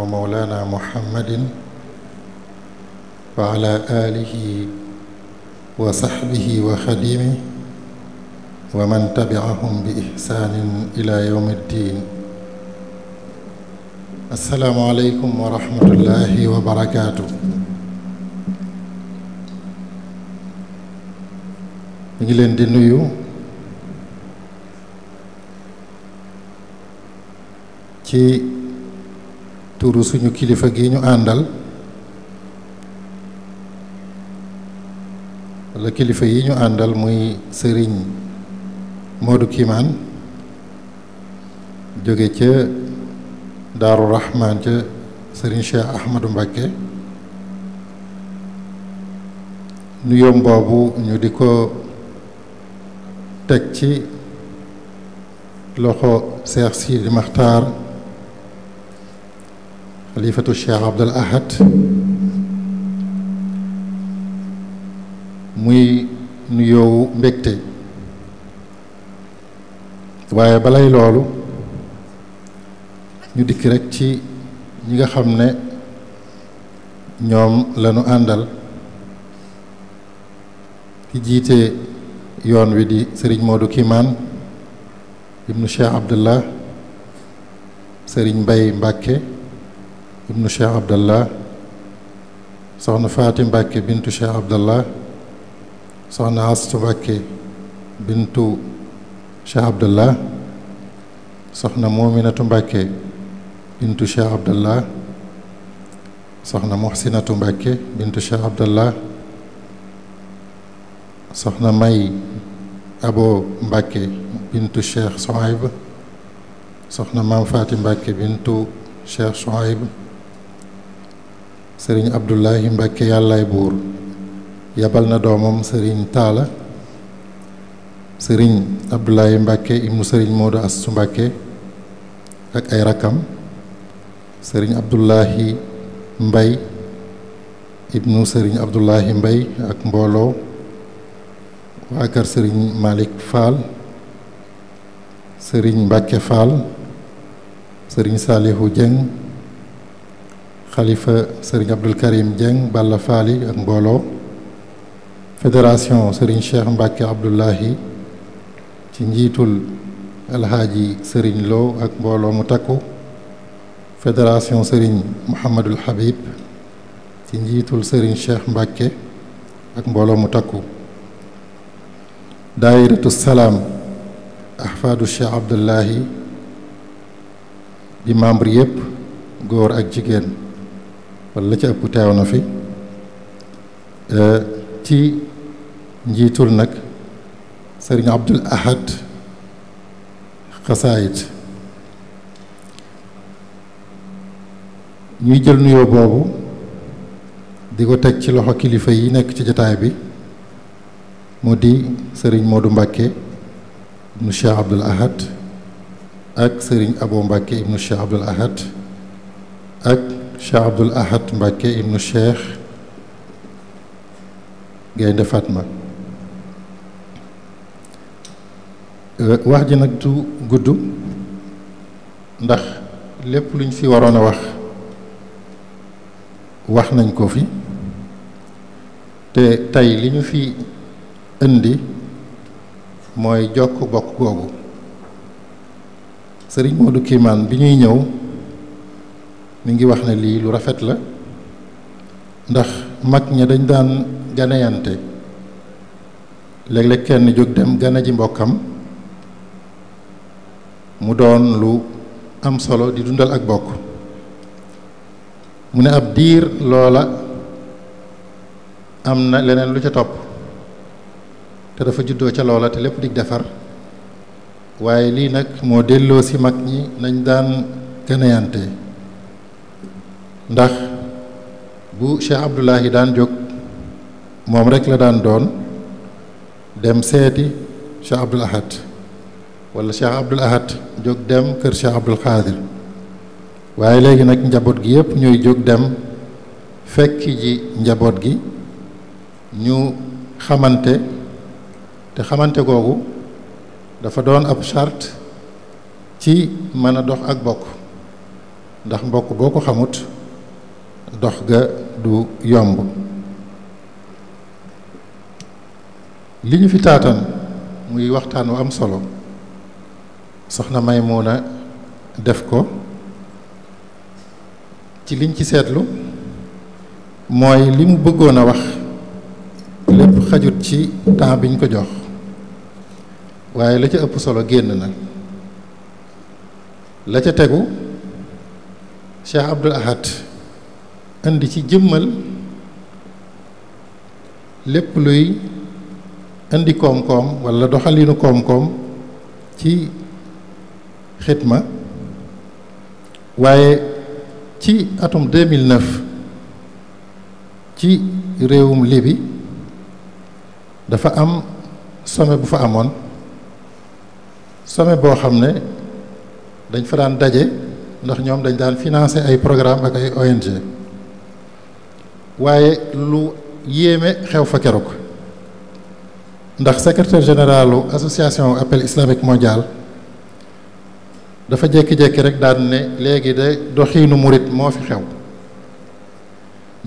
ومولانا محمد وعلى آله وصحبه وخديمه ومن تبعهم بإحسان إلى يوم الدين السلام عليكم ورحمة الله وبركاته ñu ngi leen di nuyu ci turu suñu kilifa gi ñu àndal wala kilifa yi ñu àndal muy sëriñ Modou Kimaan jóge ca Daaru Rahman ca sëriñ Cheikh Ahmadou Mbacké nuyoom boobu ñu di ko teg ci loxo Cheikh Sidi Makhtar xalifatu Cheikh Abdul Ahad muy nuyoo mbégte waaye balay loolu ñu dikk rek ci ñi nga xam ne ñoom lañu àndal ki jiite yoon wi di sëriñ Modou Kimaan ibnu Cheikh Abdullah sëriñ Mbay Mbàkke ibnu cheikh abdallah soxna faati mbàkke bintu cheikh abdallah soxna astu mbàkke bintu cheikh abdallah soxna muminatu mbàkke bintu cheikh abdallah soxna muxsinatu mbàkke bintu cheikh abdallah soxna may abo mbàkke bintu cheikh soayb soxna maam faati mbàkke bintu cheikh soayb sëriñ Abdoulahi Mbacke yàllaay buur yabal na doomam sëriñ Taala sëriñ Abdoulahi Mbacke ibnu sëriñ Modou Astou Mbacke ak ay rakkam sëriñ Abdoulahi Mbay ibnu sëriñ Abdoulahi Mbay ak mbooloo waa kër sëriñ Malick Fall sëriñ Mbacke Fall sëriñ Saalihu Jeng xalifa sëriñ Abdul Karim Dieng Balla Faali ak mbooloo fédération sëriñ Cheikh Mbacke Abdullahi ci njiitul alxaaji sëriñ loo ak mbooloo mu takku fédération sëriñ Mouhamadul Habib ci njiitul sëriñ Cheikh Mbacke ak mbooloo mu takku daayiratu salaam ahfaadu Cheikh Abdullahi di membre yépp góor ak jigéen wala la ci ëpp teew na fi euh, ci njiitul nag sëriñ Abdul Ahad xasaayit ñuy jël nuyoo boobu di ko teg ci loxo kilifa yi nekk ci jataay bi mu di sëriñ Modou Mbàkke ibnu Cheikh Abdul Ahad ak sëriñ abu Mbàkke ibnu Cheikh Abdul Ahad Cheikh Abdoul Ahad Mbacke ibnu Cheikh Gaynde Fatma euh, wax ji nag du gudd ndax lépp luñ fi waroon a wax wax nañ ko fi te tey li ñu fi indi mooy jokk bokk googu sëriñ Modou Kiimaan bi ñuy ñëw mi ngi wax ne lii lu rafet la ndax mag ña dañ daan ganeyante léeg-léeg kenn jóg dem gane ji mbokkam mu doon lu am solo di dundal ak bokk mu ne ab diir loola am na leneen lu ca topp te dafa juddoo ca loola te lépp di defar waaye lii nag moo delloo ci mag ñi nañ daan ganeyante ndax bu Cheikh Abdoulahi daan jóg moom rek la daan doon dem seeti Cheikh Abdoul Ahad wala Cheikh Abdoul Ahad jóg dem kër Cheikh Abdoul Xaadir waaye léegi nag njaboot gi yépp ñuy jóg dem fekki ji njaboot gi ñu xamante te xamante googu dafa doon ab charte ci mën a dox ak bokk ndax mbokk boo ko xamut dox ga du yomb li ñu fi taatan muy waxtaan wu am solo soxna may Maymuna def ko ci liñ ci seetlu mooy li mu bëggoon a wax lépp xajut ci temps biñ ko jox waaye la ca ëpp solo génn na la ca tegu Cheikh Abdul Ahad indi ci jëmmal lépp luy indi koom-koom walla doxalinu koom-koom ci xitma waaye ci atum 2009 ci réewum Libi dafa am sommet bu fa amoon some boo xam ne dañ fa daan daje ndax ñoom dañ daan financer ay programme ak ay ONG waaye lu yéeme xew fa keroog ndax secrétaire généralu association appel islamique mondial dafa jékki-jékki rek daan ne léegi de doxiinu murit moo fi xew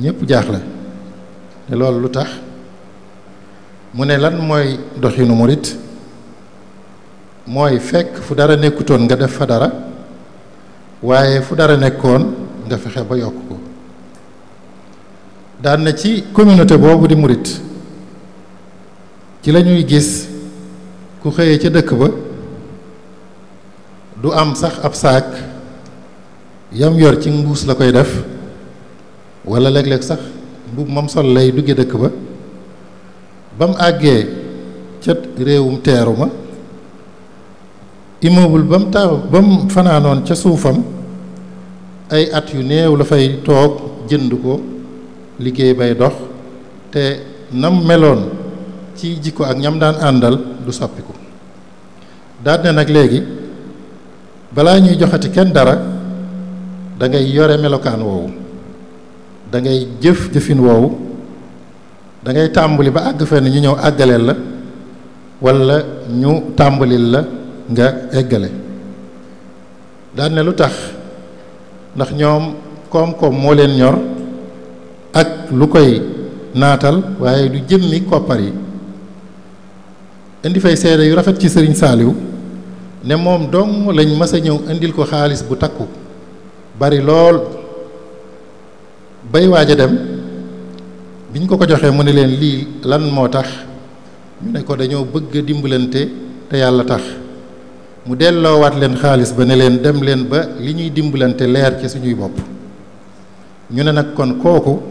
ñépp jaaxle te loolu lu tax mu ne lan mooy doxiinu murit mooy fekk fu dara nekkutoon nga def fa dara waaye fu dara nekkoon nga fexe ba yokk daan na ci communauté boobu di murit ci lañuy gis ku xëyee ca dëkk ba du am sax ab saak yam yor ci mbuus la koy def wala léeg-léeg sax mbubb moom sol lay dugge dëkk ba ba mu àggee ca réewum teeru ma immeuble ba mu taaw ba mu fanaanoon ca suufam ay at yu néew la fay toog jënd ko liggéey bay dox te nam meloon ci jikko ak ñam daan àndal du soppiku daal ne nag léegi balaa ñuy joxati kenn dara dangay yore melokaan woowu dangay jëf jëfin woowu dangay tàmbali ba àgg fenn ñu ñëw àggaleel la walla ñu tàmbalil la nga eggale daal lu tax ndax ñoom koom-koom moo leen ñor ak lu koy naatal waaye du jëmmi koppar yi indi fay seede yu rafet ci sëriñ saaliw ne moom dong lañ mës ñëw indil ko xaalis bu takku bari lool bay waaja a dem biñ ko ko joxee mu ne leen lii lan moo tax ñu ne ko dañoo bëgg dimbalante te yàlla tax mu delloowaat leen xaalis ba ne leen dem leen ba li ñuy dimbalante leer ci suñuy bopp ñu ne nag kon kooku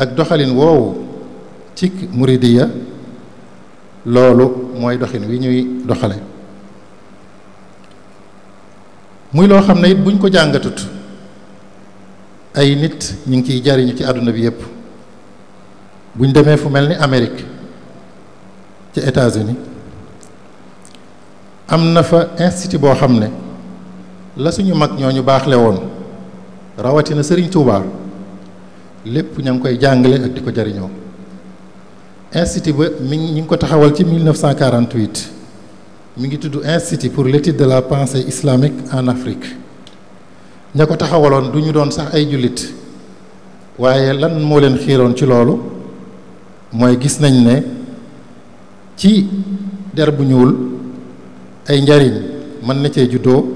ak doxalin woowu ci muridiya loolu mooy doxin yi ñuy doxale muy loo xam ne it buñ ko jàngatut ay nit ñu ngi ciy jariñu ci àdduna bi yépp buñ demee fu mel ni Amérique ci états am na fa institut boo xam ne la suñu mag ñoo ñu baaxle woon rawatina Sëriñ Tuubaa lépp ña ngi koy jàngale ak di ko jariñoo institut ba mi ngi ñu ngi ko taxawal ci 1948 mi ngi tudd institut pour l'étude de la pensée islamique en Afrique ña ko taxawaloon du ñu doon sax ay jullit waaye lan moo leen xiiroon ci loolu mooy gis nañ ne ci der bu ñuul ay njariñ mën na cee juddoo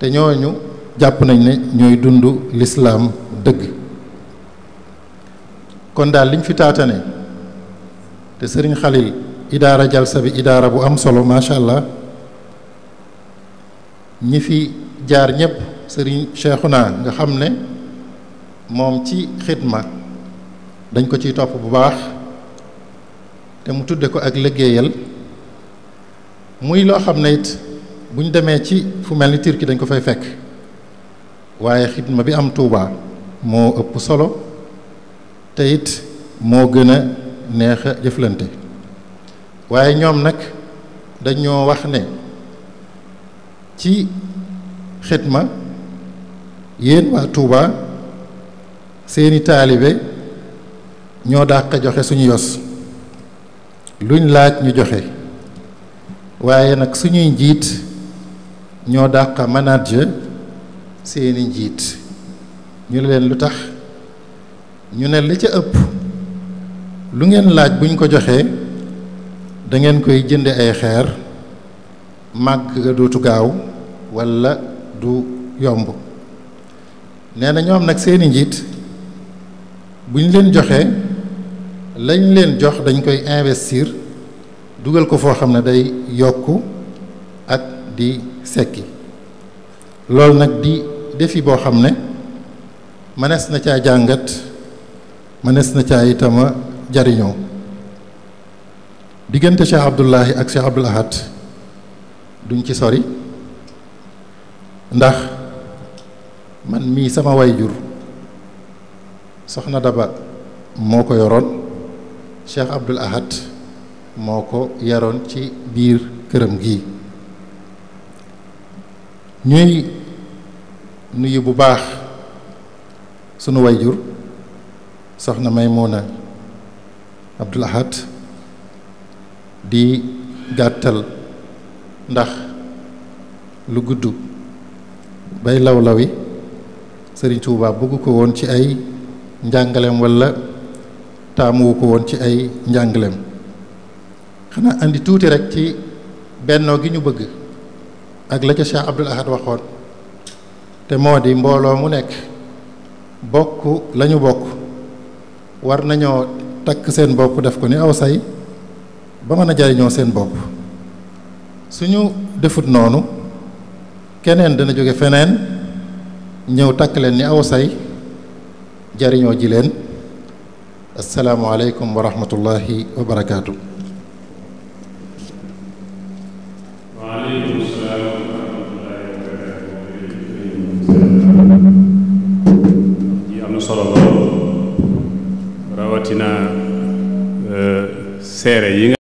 te ñooñu jàpp nañ ne ñooy dundu lislaam dëgg kon daal liñ fi taatane te sëriñ Xalil idaara jalsa bi idaara bu am solo macha allah ñi fi jaar ñëpp sëriñ naa nga xam ne moom ci xidma dañ ko ci topp bu baax te mu tudde ko ak liggéeyal muy loo xam ne it bu ñu demee ci fu mel ni Turquie dañ ko fay fekk waaye xidma bi am Tuuba moo ëpp solo te moo gën a neex jëflante waaye ñoom nag dañoo wax ne ci xitma yéen waa Touba seeni taalibe ñoo dàq joxe suñu yos luñ laaj ñu joxe waaye nag suñuy njiit ñoo dàq manager seeni njiit ñu leen lu tax ñu ne li ca ëpp lu ngeen laaj buñ ko joxee da ngeen koy jënde ay xeer màgg ga dootu gaaw walla du yomb nee na ñoom nag seeni njiit buñ leen joxee lañ leen jox dañ koy investir dugal ko foo xam ne day yokku ak di sekki loolu nag di defi boo xam ne mënees na caa jàngat mënees na caa itama jariñoo diggante Cheikh Abdullahi ak Cheikh Abdul Ahad duñ ci sori ndax man mii sama jur soxna Daba moo ko yoroon Cheikh Abdul Ahad moo ko yaroon ci biir këram gi ñuy nuyu bu baax sunu jur soxna Maymuna Abdul Ahad di gàttal ndax lu gudd bay law-lawi Sëriñ tuuba bëgg ko woon ci ay njàngaleem walla taamuwu ko woon ci ay njàngaleem xanaa andi tuuti rekk ci bennoo gi ñu bëgg ak la ca Cheikh Abdul Ahad waxoon te moo di mbooloo mu nekk bokk lañu bokk war nañoo takk seen bopp def ko ni aw say ba mën a jariñoo seen bopp suñu defut noonu keneen dana jóge feneen ñëw takk leen ni aw say jariñoo ji leen asalaamualeykum wa rahmatullahi wa barakaatu. seere yi